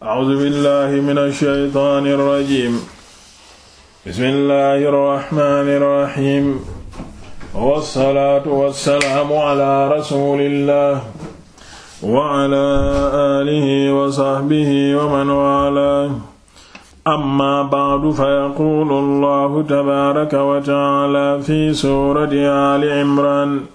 A'uuzu billaahi mina shaytaani rajiim. Bismillaahi rahmaani rahiim. Wassalaatu wassalaamu alaa rasuulillaah wa alaa aalihi wa sahbihi wa man waalaah. Ammaa ba'du fayaquulu Allaahu tabaaraka wa ta'aalaa fi suurati Aali Imraan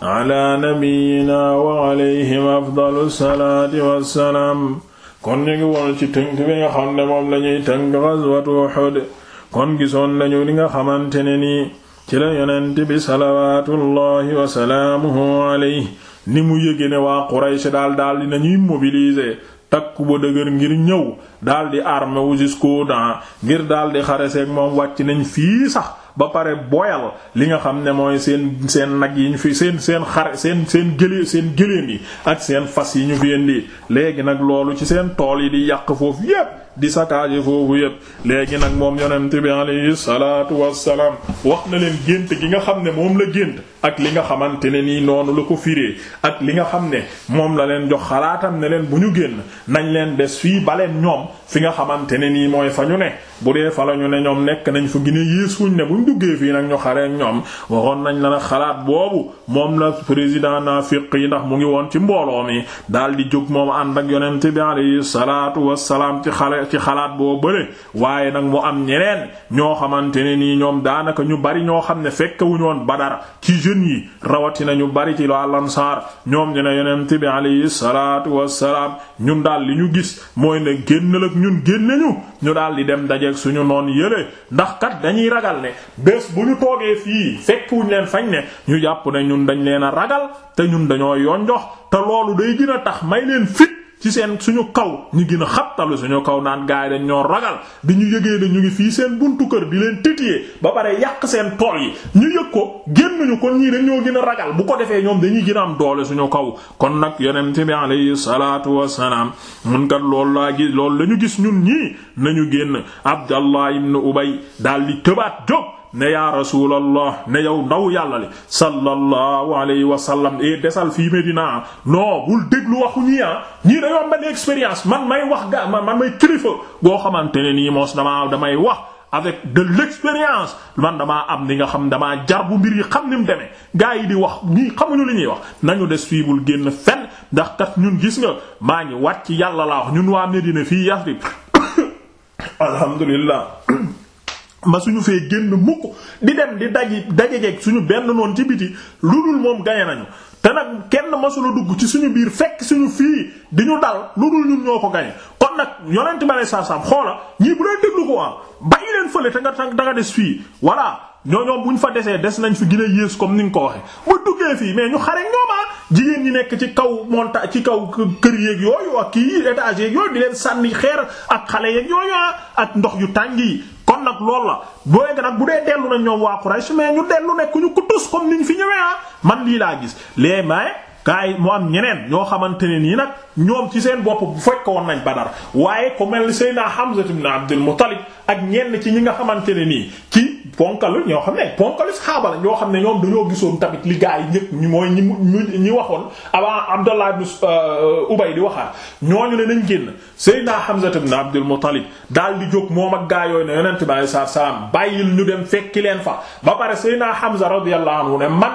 alaa nabiyyinaa wa alayhim afdalu salaati wassalaam kon ñu ngi woon ci tënk bi nga xam ne moom lañuy tënk ghazwatu Uhud kon gisoon nañu li nga xamante ne nii ci la yonent bi salawaatullahi wa salaamuhu alayhi ni mu yëge ne waa Quraysh daal daal dinañuy mobiliser takku ba dëgër ngir ñëw daal di armé wu jusqu'aux dents ngir daal di xare seeg moom wàcc nañ fii sax ba pare boyal li nga xam ne mooy seen seen nag yi ñu fi seen seen xare seen seen gëlee seen gëléem yi ak seen fas yi ñu fi indi léegi nag loolu ci seen tool yi di yàq foofu yépp di saccage foofu yépp léegi nag moom yonent bi alayhi salaatu wassalaam wax na leen gént gi nga xam ne moom la gént ak li nga xamante ne nii noonu la ko fiiree ak li nga xam ne moom la leen jox xalaatam ne leen bu ñu génn nañ leen des fii baleen ñoom fi nga xamante ne nii mooy fa ñu ne bu dee fa la ñu ne ñoom nekk nañ fa gine yéesuñ ne buñ duggee fii nag ñu xaree ñoom waxoon nañ la nag xalaat boobu moom la président naafiq yi ndax mu ngi woon ci mbooloo mi daal di jóg moom ànd ak yonent bi alayhi salaatu wassalaam ci ci xalaat boo bëre waaye nag mu am ñeneen ñoo xamante ne nii ñoom daanaka ñu bari ñoo xam ne fekkewuñoon Badar ci jeunes yi rawatina ñu bari ci waa lansaar ñoom ñu ne yonent bi alayhi salaatu wassalaam ñun daal ñu gis mooy ne génnal ak ñun génn ñu ñu daal di dem dajeeg suñu noon yële ndax kat dañuy ragal ne bés bu ñu toogee fii fekk wuñ leen fañ ne ñu jàpp ne ñun dañ leen a ragal te ñun dañoo yonjox te loolu day gën tax may leen fit ci seen suñu kaw ñu gën a xattalu suñu kaw naan gaay dañ ñoo ragal di ñu yëgee ne ñu ngi fii seen buntu kër di leen titiyee ba pare yàq seen tool yi ñu yëg ko génnuñu ko ñii dañ ñoo gën a ragal bu ko defee ñoom dañuy gën a am doole suñu kaw kon nag yonent bi alayhi salaatu wassalaam mun kat lool laa gis loolu la ñu gis ñun ñii nañu génn Abdallah ibn Ubay daal di tëbaat jóg ne yaa rasuulallah ne yow ndaw yàlla li sallallahu alayhi wa sallam e desal fii Medina non bul déglu waxu ñii ah ñii dañoo mel expérience man may wax ga man may kilifa goo xamante ne nii moos damaa damay wax. avec de l'expérience man damaa am ni nga xam damaa jar bu mbir yi xam ni mu demee gars yi di wax ñii xamuñu li ñuy wax nañu des fii bul génn fen ndax kat ñun gis nga maa ngi wàcc yàlla laa wax ñun waa Medina fii Yasrib alhamdulillah ma suñu fee génn mukk di dem di daji dajejeeg suñu benn noonu ci biti lu dul moom gañe nañu te nag kenn masula dugg ci suñu biir fekk suñu fii di ñu dal lu dul ñun ñoo ko gañe kon nag yonent ma lay saasam xoola ñii bu leen déglu ko am ah, bàyyi leen fële te nga da nga des fii voilà ñoo ñoom bu ñu fa desee des nañ fi gën a yées comme ni nga ko waxee bu duggee fii mais ñu xare ñooma ah, jigéen ñi nekk ci kaw monta ci kaw kër yeeg yooyu ak kii étage yeeg yooyu di sànni xeer ak xale yeeg yooyu ah ak ndox yu tàng kon nag loolu la booy nga nag bu dee dellu na ñoom waa Quraysh mais ñu dellu nekk ñu kutus comme niñ fi ñëwee ah man lii laa gis les mains. gaay mu am ñeneen ñoo xamante ne nii nag ñoom ci seen bopp bu fekkoon nañ Badar waaye ku mel ni Seydina Abdul Muttalib ak ñenn ci ñi nga xamante nii ci ponkalu ñoo xam ne ponkalu saxaaba la ñoo xam ne ñoom dañoo gisoon tamit li gaa yi ñu mooy ñi mu ñi waxoon avant Abdallah ibn euh, Ubay di waxaat ñooñu ne nañ génn Seydina Hamza ibn Abdul Muttalib daal di jóg moom ak gaa yooyu ne yonent bi alayhi salaam bàyyil ñu dem fekki leen fa ba pare Seydina Hamza radiyallahu anhu ne man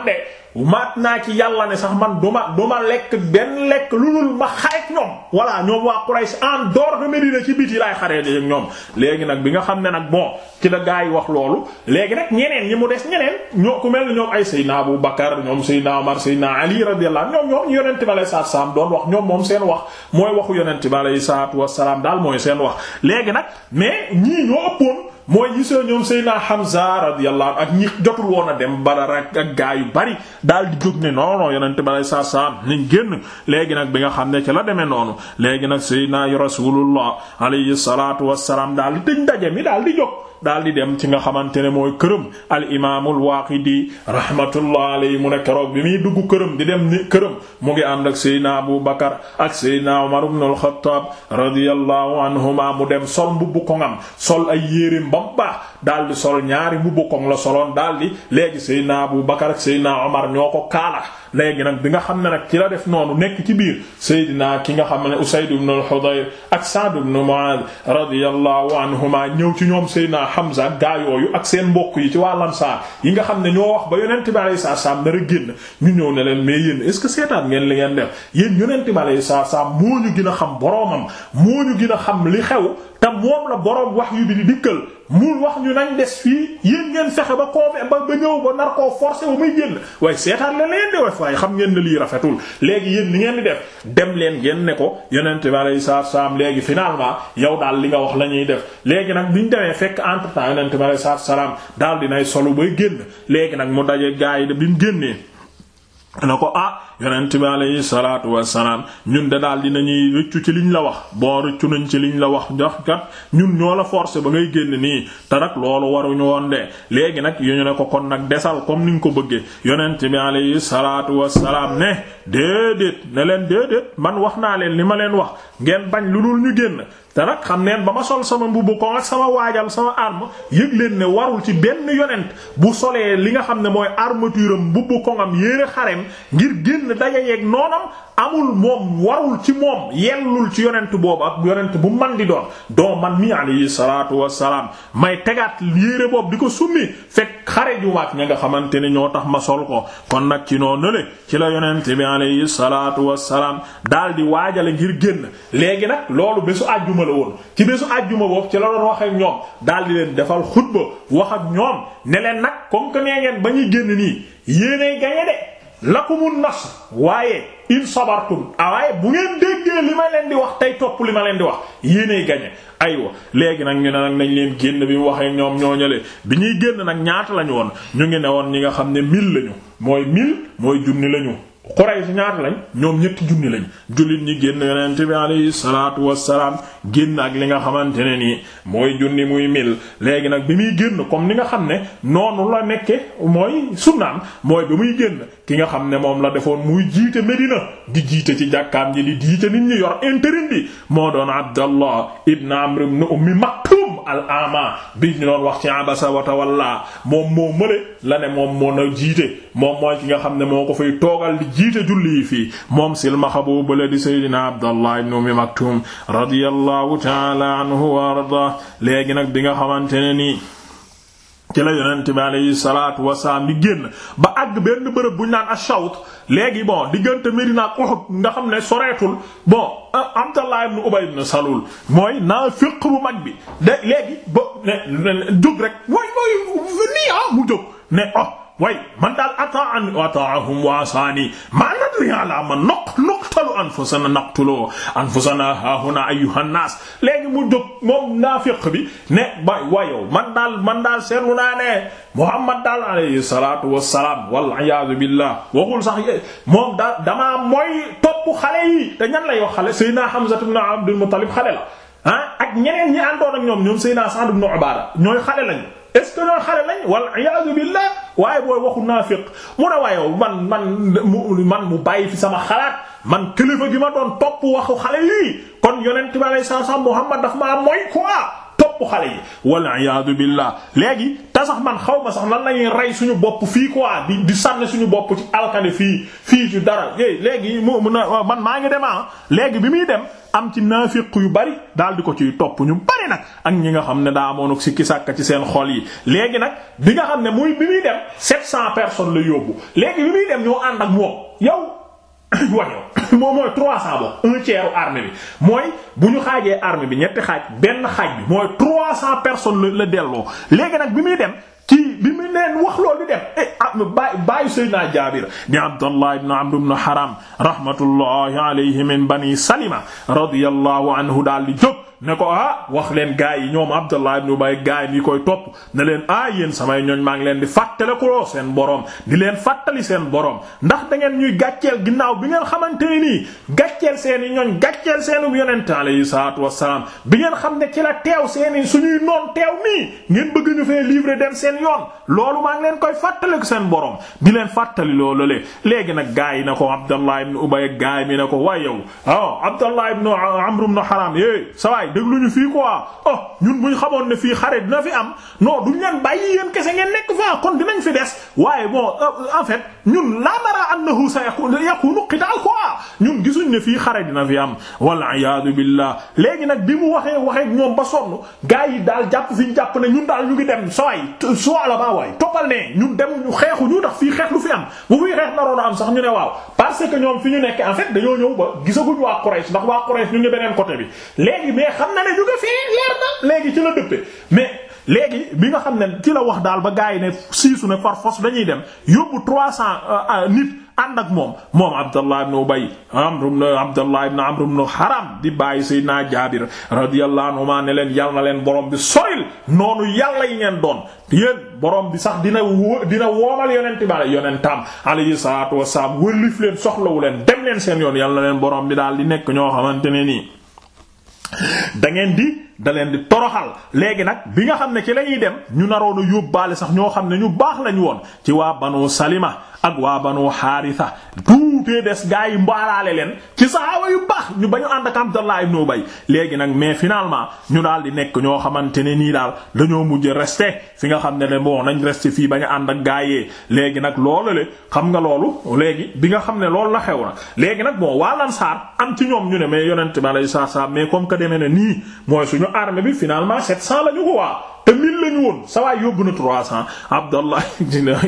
maat naa ci yàlla ne sax man du ma ma lekk benn lekk lu dul ma xareek ñoom voilà ñoom waa Quraysh en dehors de Médina ci biti laay xaree ak ñoom léegi nag bi nga xam ne nag bon ci la gaa yi wax loolu léegi nag ñeneen ñi mu des ñeneen ñoo ku mel ne ñoom ay Seydina Abu Bakar ñoom Seydina Omar Seydina Ali radiyallahu ñoom ñoom ñu yonent bi alayhi salaatu salaam doon wax ñoom moom seen wax mooy waxu yonent bi alayhi salaatu wassalaam daal mooy seen wax léegi nag mais mooy gisee ñoom Seydina Hamza radiyallahu anhu ak ñi jotul woon dem Badar ak ak gaa yu bari daal di jóg ne non non yonent bi saa saa nañ génn léegi nag bi nga xam ne ci la demee noonu léegi nag Seydina Rasulullah alayhi salaatu wassalaam daal di daje mi daal di jóg. daal di dem ci nga xamante ne mooy këram al imaamul waaqidi rahmatullah alayhi mu bi muy dugg këram di dem ni këram mu ngi ànd ak Seydina Abu Bakar ak Seydina Umar ibn al-Khattab radiyallahu anhuma mu dem sol mbubbu ko ngam sol ay yéreem ba daal di sol ñaari mbubb koŋ la soloon daal di léegi Seydina Abu Bakar ak Seydina Omar ñoo ko kaala léegi nag bi nga xam ne nag ci la def noonu nekk ci biir Seydina ki nga xam ne Usayd ibn al-Hudayr ak Sa'd ibn Mu'adh radiyallahu anhuma ñëw ci ñoom Seydina Hamza ak gaa yooyu ak seen mbokk yi ci waa Ansaar yi nga xam ne ñoo wax ba yonent bi alayhi salaam nar a génn ñu ñëw ne leen mais yéen est-ce que seetaan ngeen li ngeen def yéen yonent bi alayhi salaam moo ñu gën a xam boroomam moo gën a xam xew nañ des fii yéen ngeen fexe ba koo ba ba ñëw ba nar koo forcé ba muy génn waaye seetaan la leen di wax waaye xam ngeen ne lii rafetul léegi yéen li ngeen di def dem leen ngeen ne ko yeneen bi aleyi salaatu salaam léegi finalement yow daal li nga wax la ñuy def léegi nag bi ñu demee fekk entre temps yeneen bi aleyi salaatu salaam daal dinay solu bay génn léegi nag mu daje gaa yi de bi mu génnee na ko ah yonent bi alayhi salaatu wassalaam ñun de daal dinañuy rëccu ci liñ la wax bon rëccu nañ ci liñ la wax jox kat ñun ñoo la forcé ba ngay génn nii te nag loolu waruñu woon de léegi nag yu ñu ne ko kon nag desal comme niñ ko bëggee yonent bi alayhi salaatu wassalaam ne déedéet ne leen déedéet man wax naa leen li ma leen wax ngeen bañ lu dul ñu génn te nag xam neen ba ma sol sama mbubb ko ak sama waajal sama arme yëg leen ne warul ci benn yonent bu solee li nga xam ne mooy armature am mbubb ko am yéere xareem ngir génn daja yeeg noonam amul moom warul ci moom yellul ci yonent boobu ak yonent bu man di doon doo man mi alayhi salaatu salaam may tegaat yére boobu di ko summi fekk xare ju waat ña nga xamante ne ñoo tax ma sol ko kon nag ci noonu le ci la yonent bi alayhi salaatu wassalaam daal di waajale ngir génn léegi nag loolu bésu àjjuma la woon ci bésu àjjuma boobu ci la doon wax ak ñoom daal di leen defal xutba wax ak ñoom ne leen nag comme que ba ñuy génn nii yéenay lakumun nasr waaye in sabartum awaaye bu ngeen déggee li ma leen di wax tey topp li ma leen di wax yéenay gañe aywa léegi nag ñu ne nag nañ leen génn bi mu waxee ñoom ñooñale bi ñuy génn nag ñaata lañu woon ñu ngi ne woon ñi nga xam ne mille lañu mooy mille mooy junni lañu Quraysh ñaata lañ ñoom ñetti junni lañ jullit ñi génn yonent bi alayhi salaatu wassalaam génn ak li nga xamante ne nii mooy junni muy mil léegi nag bi muy génn comme ni nga xam ne noonu la nekke mooy sunnaam mooy bi muy génn ki nga xam ne moom la defoon muy jiite Medina di jiite ci jàkkaam ji di jiite nit ñi yor intérim bi moo doon Abdallah ibn Amr ibn Ummi Maktum al ama bi ñu doon wax ci abasa wa tawalla moom moo mële la ne moom moo na jiite moo ko fay toogal jiite julli yi fii moom silmaxa boobu la di Seydina Abdallah ibn Ummi Maktum radiyallahu ta'ala anhu wa arda léegi nag bi nga xamante ne nii ci la yonent bi alayhi di génn ba àgg benn bërëb bu ñu naan ashawt léegi bon diggante Medina ak Uhud ne soreetul bon Abdallah ibn Ubay ibn Salul mooy naafiq bu mag bi de ne jóg rek mooy mooy nii ah mu ne oh. way man daal ataan ataahum waasaani maa nadri ala ma noq noqtalu anfusana naqtuloo anfusana hahuna ayyuhan nas léegi mu jóg moom naafiq bi ne bay wayow man daal man daal seetlu naa ne Muhammad daal alayhi salatu wasalaam wal iyaadu billah waxul sax moom daal damaa mooy topp xale yi te lay la yoo xale Seydina Hamza ibn Abdul Muttalib xale la ah ak ñeneen ñi àndoon ak ñoom ñoom Seydina Sa'd ibn Ubaada est-ce que ñoo xare lañ wal iyaazu billah waaye booy waxu naafiq mu ne waaye man man mu man mu bàyyi fi sama xalaat man kilifa gi ma doon topp waxu xale yii kon yonent bi alayhi salaam Muhammad daf maa mooy quoi bopp xale yi wal iyaadu billah léegi te sax man xaw ma sax nan lañuy rey suñu bopp fii quoi di di sànni suñu bopp ci alkane fii fii ci dara é léegi mu uh, man maa ngi dem ah léegi bi muy dem am ci naafiq yu bari daal di ko ci topp ñu bari nag ak ñi nga xam ne daa amoon sikki sàkk ci seen xol yi léegi nag bi nga xam ne muy bi muy dem 700 personnes la yóbbu léegi bi muy dem ñoo ànd ak moom yow wañoo moom mooy trois cents bokk un arme bi mooy bu ñu xaajee armée bi ñetti xaaj benn xaaj bi mooy trois cents personnes la delloo léegi nag bi muy dem kii bi mu neen wax loolu di dem eh baay ah, baayu Seydina Jaabir di Abdallah ibn Amr ibn Haram rahmatullahi alayhi min bani Salima radiyallahu anhu daal di jóg ne ko ah wax leen gaay yi ñoom Abdallah ibn Ubay gaay yi koy topp ne leen ah yéen samay ñoñ maa ngi leen di ko seen borom di leen fàttali seen borom ndax da ngeen ñuy gàcceel ginnaaw bi ngeen xamante ne nii gàcceel seen i ñoñ gàcceel seenum yonent alayhi salaatu wassalaam bi ngeen xam ne ci la teew seen i suñuy noon teew nii ñu seen yoon loolu maa leen koy fàttaliku seen borom di leen fàttali loolu le léegi nag gaa yi na ko Abdallah ibn Ubay gaa yi mi na ko waay yow ah Abdallah ibn Amr ibn Haram eh sa waay déglu ñu fii quoi oh ñun bu ñu xamoon ne fii xare dina fi am non duñ leen bàyyi yéen kese ngeen nekk fa kon dinañ fi des waaye bon euh, en fait ñun la nara annahu sa yakunu qital quoi ñun gisuñ ne fii xare na fi am wal iyaadu billah léegi nag bi mu waxee waxee ñoom ba sonn gaa yi daal jàpp fi ñu jàpp ne ñun Su'alaba waay toppal ne ñun demuñu xeexuñu ndax fii xeex lu fi am bu fii xeex naroon am sax ñu ne waaw parce que ñoom fi ñu nekk en fait dañoo ñëw ba gisaguñ waa Quraysh ndax waa Quraysh ñu ngi beneen côté bi léegi mais xam ne ñu ngi fii leer na léegi ci la dëppee mais léegi bi nga xam ne ci la wax daal ba gars yi ne siisu ne par force dañuy dem yóbbu 300 euh, euh, nit. ànd ak moom moom Abdallah ibn Ubay Amr ibn Abdallah ibn Amr Haram di bàyyi Seydina Jaabir na noonu yàlla yi ngeen doon yéen borom bi sax dina wo dina woomal yonent bi ale yonentam alayhi salaatu wassalaam wëllif leen soxlawu leen dem leen seen yoon yàlla leen borom bi daal di nekk ñoo xamante ne nii da di da leen di toroxal léegi nag bi nga xam ne ci la ñuy dem ñu naroon a yóbbaale sax ñoo xam ne ñu baax lañ woon ci waa banu salima ak waa banu xaarisa tuutee des gaa yi mbaalaale leen ci saxaaba yu baax ñu bañu ànd ak Abdallah ibn Ubay léegi nag mais finalement ñu daal di nekk ñoo xamante ne nii daal dañoo mujj resté fi nga xam ne ne bon nañ resté fii bañu ànd ak gaa yee léegi nag loolu le xam nga loolu léegi bi nga xam ne loolu la xew na léegi nag bon waa Ansaar am ci ñoom ñu ne mais yonent bi alayhi salaam mais comme que demee na nii mooy suñu suñu armée bi finalement 700 la ñu ko waa te 1000 la ñu woon sa waay yóbbu na 300 Abdallah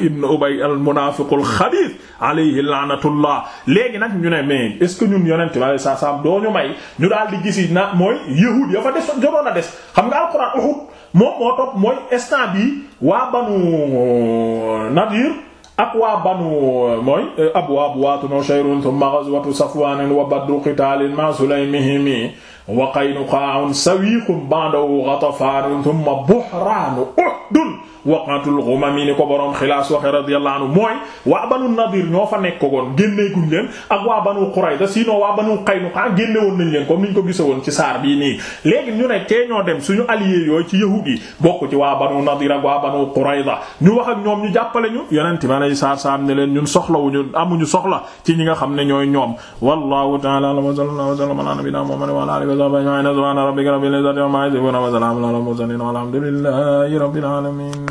ibn Ubay al munaafiqul xabiis alayhi laanatullah léegi nag ñu ne mais est ce que ñun yonent bi alayhi salaam doo ñu may ñu daal di gisi na mooy yahuud ya fa des jotoon a des xam nga alquran Uhud moom moo topp mooy instant bi waa banu Nadir ak waa banu mooy euh, abwaab waatu nushayrun thumma ghazwatu safwaan wa badru qitaalin ma sulaymihim wa Qaynuqaa'un sawiiqun ba'dahu Ghatafaan thumma Buhraan Uhud waqatul ghumam ni ko borom xilaas waxe radiyallahu anhu mooy banu nadir ñoo fa nekkoon génneeguñ leen ak waa banu Qurayza sinon waa banu Qaynuqa génne woon nañ leen comme niñ ko gise woon ci saar bii nii léegi ñu ne tee ñoo dem suñu alliés yooyu ci yahud yi bokk ci waa banu nadir ak waa banu Qurayza ñu wax ak ñoom ñu jàppale ñu yonente ma nay saar saam ne leen ñun soxlawuñu amuñu soxla ci ñi nga xam ne ñooy ñoom wallahu ta'ala sallallahu alayhi wa sallam